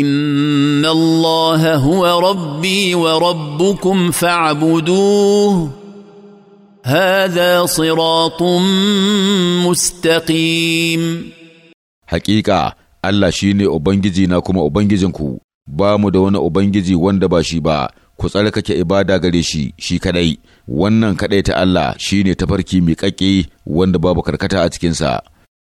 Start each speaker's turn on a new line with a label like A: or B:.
A: ان الله هو ربي وربكم فاعبدوه هذا siratun مستقيم
B: Haƙiƙa Allah shi ne Ubangiji na kuma Ubangijinku, ba mu da wani Ubangiji wanda ba shi ba, ku tsarkake ibada gare
C: shi, shi kaɗai. wannan kaɗai ta Allah shi ne tafarki miƙaƙe wanda babu karkata a cikinsa.